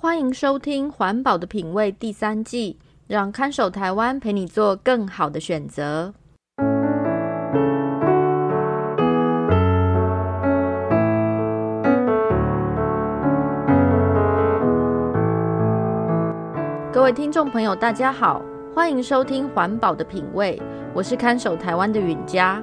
歡迎收聽《環保的品味》第三季，讓看守台灣陪你做更好的選擇。各位聽眾朋友，大家好，歡迎收聽《環保的品味》，我是看守台灣的允嘉。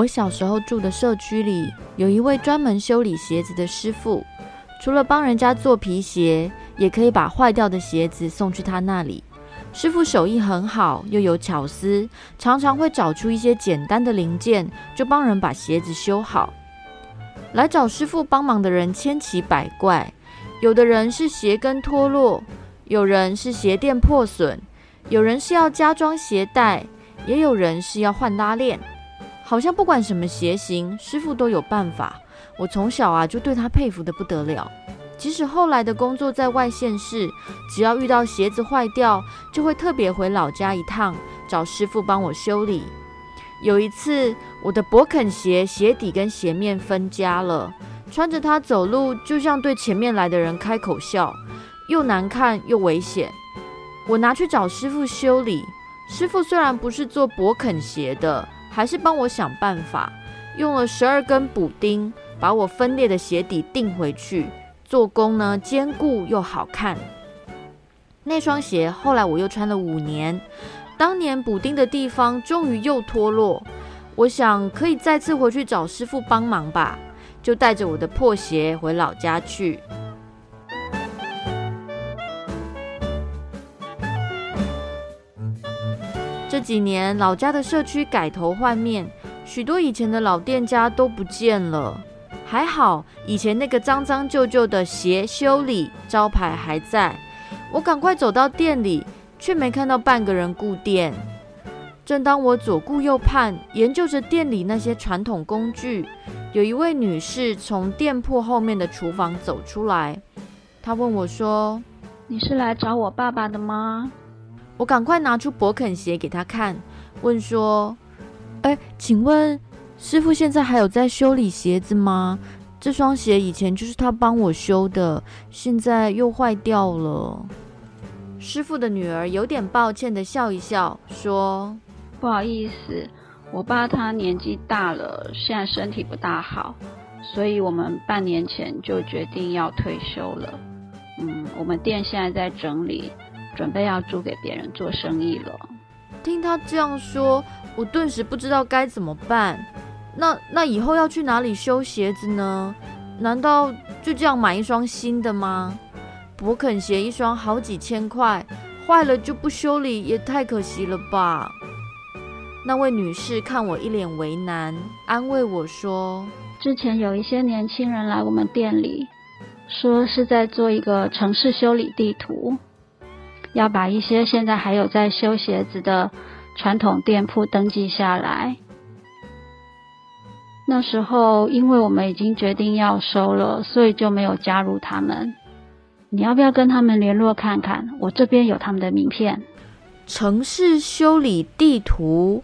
我小時候住的社區裡，有一位專門修理鞋子的師傅。除了幫人家做皮鞋，也可以把壞掉的鞋子送去他那裡。師傅手藝很好，又有巧思，常常會找出一些簡單的零件，就幫人把鞋子修好。來找師傅幫忙的人千奇百怪，有的人是鞋跟脫落，有人是鞋墊破損，有人是要加裝鞋帶，也有人是要換拉鏈。好像不管什麼鞋型，師傅都有辦法。我從小啊就對他佩服得不得了。即使後來的工作在外縣市，只要遇到鞋子壞掉，就會特別回老家一趟找師傅幫我修理。有一次，我的勃肯鞋鞋底跟鞋面分家了，穿着它走路就像對前面來的人開口笑，又難看又危險。我拿去找師傅修理，師傅雖然不是做勃肯鞋的。還是幫我想辦法，用了十二根補丁，把我分裂的鞋底釘回去，做工呢，堅固又好看。那雙鞋後來我又穿了五年，當年補丁的地方終於又脫落，我想可以再次回去找師傅幫忙吧，就帶着我的破鞋回老家去。幾年，老家的社區改頭換面，許多以前的老店家都不見了。還好，以前那個髒髒舊舊的鞋修理招牌還在。我趕快走到店裡，卻沒看到半個人顧店。正當我左顧右盼，研究着店裡那些傳統工具，有一位女士從店鋪後面的廚房走出來。她問我說：“你是來找我爸爸的嗎？”我趕快拿出博肯鞋給他看，問說：“哎，請問師傅現在還有在修理鞋子嗎？這雙鞋以前就是他幫我修的，現在又壞掉了。”師傅的女兒有點抱歉地笑一笑，說：“不好意思，我爸他年紀大了，現在身體不大好，所以我們半年前就決定要退休了。嗯，我們店現在在整理。”準備要租給別人做生意了。聽他這樣說，我頓時不知道該怎麼辦。那那以後要去哪裡修鞋子呢？難道就這樣買一雙新的嗎？勃肯鞋一雙好幾千塊，壞了就不修理也太可惜了吧。那位女士看我一臉為難，安慰我說：“之前有一些年輕人來我們店裡，說是在做一個城市修理地圖。”要把一些現在還有在修鞋子的傳統店鋪登記下來。那時候，因為我們已經決定要收了，所以就沒有加入他們。你要不要跟他們聯絡看看？我這邊有他們的名片。城市修理地圖，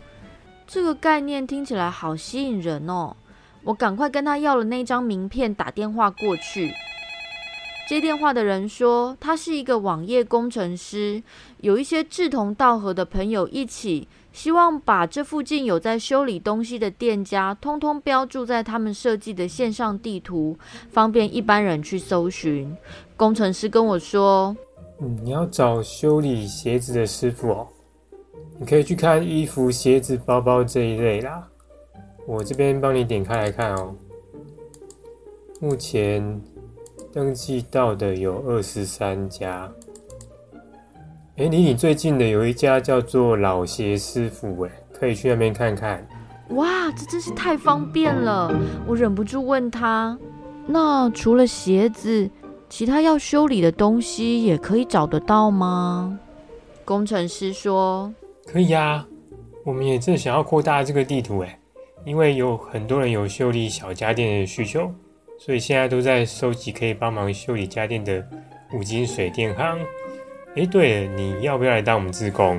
這個概念聽起來好吸引人哦！我趕快跟他要了那張名片，打電話過去。接電話的人說，他是一個網頁工程師，有一些志同道合的朋友一起，希望把這附近有在修理東西的店家，通通標註在他們設計的線上地圖，方便一般人去搜尋。工程師跟我說，嗯，你要找修理鞋子的師傅哦，你可以去看衣服、鞋子、包包這一類啦。我這邊幫你點開來看哦，目前。登記到的有二十三家，誒，離你最近的有一家叫做老鞋師傅，誒，可以去那邊看看。哇，這真是太方便了！我忍不住問他，那除了鞋子，其他要修理的東西也可以找得到嗎？工程師說可以呀，我們也正想要擴大這個地圖，誒，因為有很多人有修理小家電的需求。所以現在都在收集，可以幫忙修理家電的五金水電行。誒，對了，你要不要來當我們志工？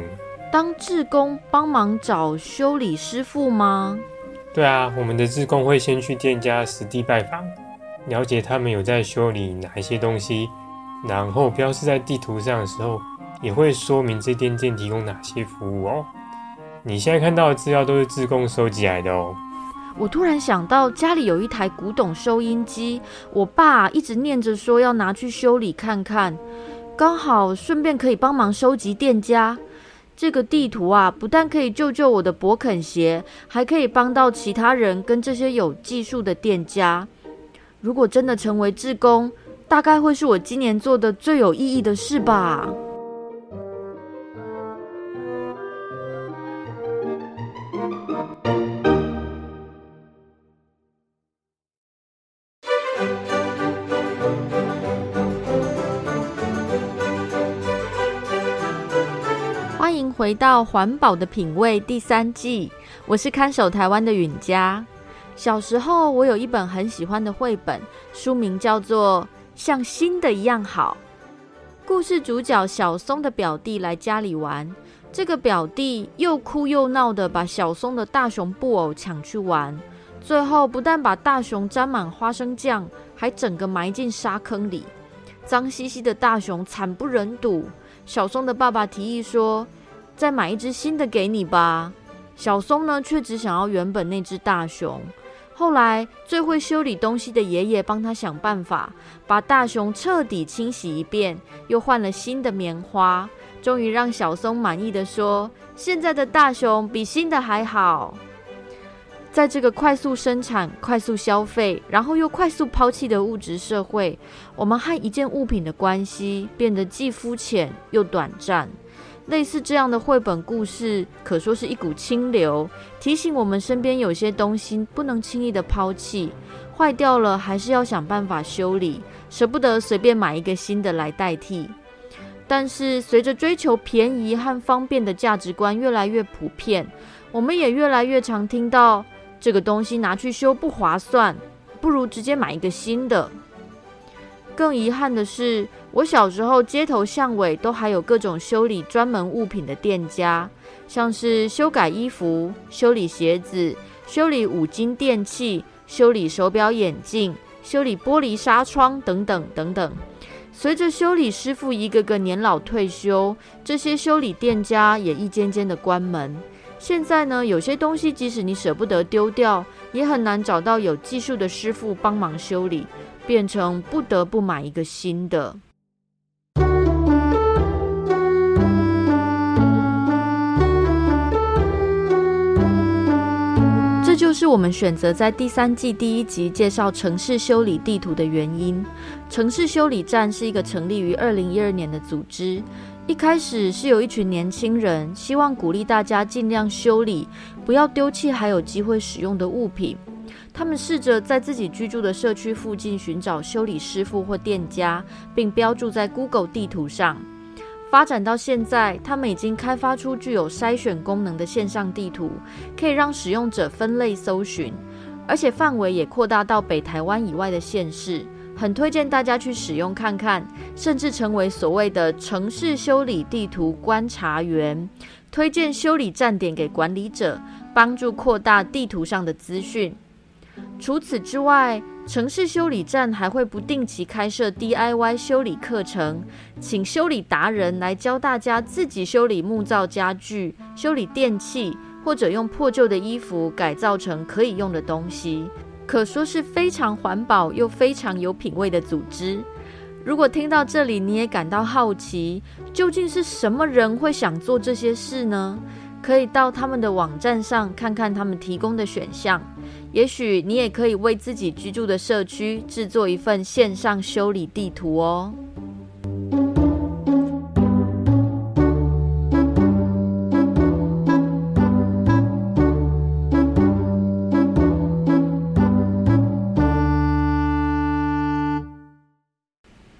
當志工幫忙找修理師傅嗎？對啊，我們的志工會先去店家實地拜訪，了解他們有在修理哪一些東西，然後標示在地圖上的時候，也會說明這店店提供哪些服務哦。你現在看到的資料都是志工收集來的哦。我突然想到家裡有一台古董收音機，我爸一直念着說要拿去修理看看，剛好順便可以幫忙收集店家。這個地圖啊，不但可以救救我的勃肯鞋，還可以幫到其他人跟這些有技術的店家。如果真的成為志工，大概會是我今年做的最有意義的事吧。回到環保的品味第三季，我是看守台灣的允嘉。小時候，我有一本很喜歡的繪本，書名叫做《像新的一樣好》。故事主角小松的表弟來家裡玩，這個表弟又哭又鬧的，把小松的大熊布偶搶去玩，最後不但把大熊沾滿花生醬，還整個埋進沙坑裡，髒兮兮的大熊慘不忍睹。小松的爸爸提議說，再買一隻新的給你吧。小松呢，卻只想要原本那隻大熊。後來，最會修理東西的爺爺幫他想辦法，把大熊徹底清洗一遍，又換了新的棉花，終於讓小松滿意的說：“現在的大熊比新的還好。”在這個快速生產、快速消費，然後又快速拋棄的物質社會，我們和一件物品的關係變得既膚淺又短暫。類似這樣的繪本故事，可說是一股清流，提醒我們身邊有些東西不能輕易的拋棄，壞掉了還是要想辦法修理，捨不得隨便買一個新的來代替。但是，隨着追求便宜和方便的價值觀越來越普遍，我們也越來越常聽到，這個東西拿去修不划算，不如直接買一個新的。更遺憾的是，我小時候，街頭巷尾都還有各種修理專門物品的店家，像是修改衣服、修理鞋子、修理五金電器、修理手錶眼鏡、修理玻璃紗窗等等等等。隨着修理師傅一個個年老退休，這些修理店家也一間間的關門。現在呢，有些東西即使你捨不得丟掉，也很難找到有技術的師傅幫忙修理，變成不得不買一個新的。是我們選擇在第三季第一集介紹城市修理地圖的原因。城市修理站是一個成立於二零一二年的組織，一開始是有一群年輕人希望鼓勵大家盡量修理，不要丟棄還有機會使用的物品。他們試着在自己居住的社區附近尋找修理師傅或店家，並標注在 Google 地圖上。發展到現在，他們已經開發出具有篩選功能的線上地圖，可以讓使用者分類搜尋，而且範圍也擴大到北台灣以外的縣市，很推薦大家去使用看看，甚至成為所謂的城市修理地圖觀察員，推薦修理站點給管理者，幫助擴大地圖上的資訊。除此之外，城市修理站還會不定期開設 DIY 修理課程，請修理達人來教大家自己修理木造家具、修理電器，或者用破舊的衣服改造成可以用的東西。可說是非常環保又非常有品味的組織。如果聽到這裡，你也感到好奇，究竟是什麼人會想做這些事呢？可以到他們的網站上看看他們提供的選項，也許你也可以為自己居住的社區制作一份線上修理地圖哦、喔。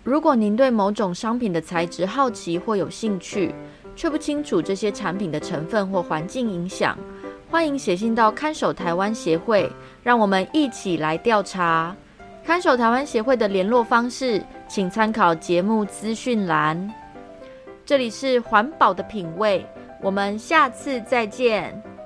如果您對某種商品的材質好奇或有興趣。卻不清楚這些產品的成分或環境影響，歡迎寫信到看守台灣協會，讓我們一起來調查。看守台灣協會的聯絡方式，請參考節目資訊欄。這裡是環保的品味，我們下次再見。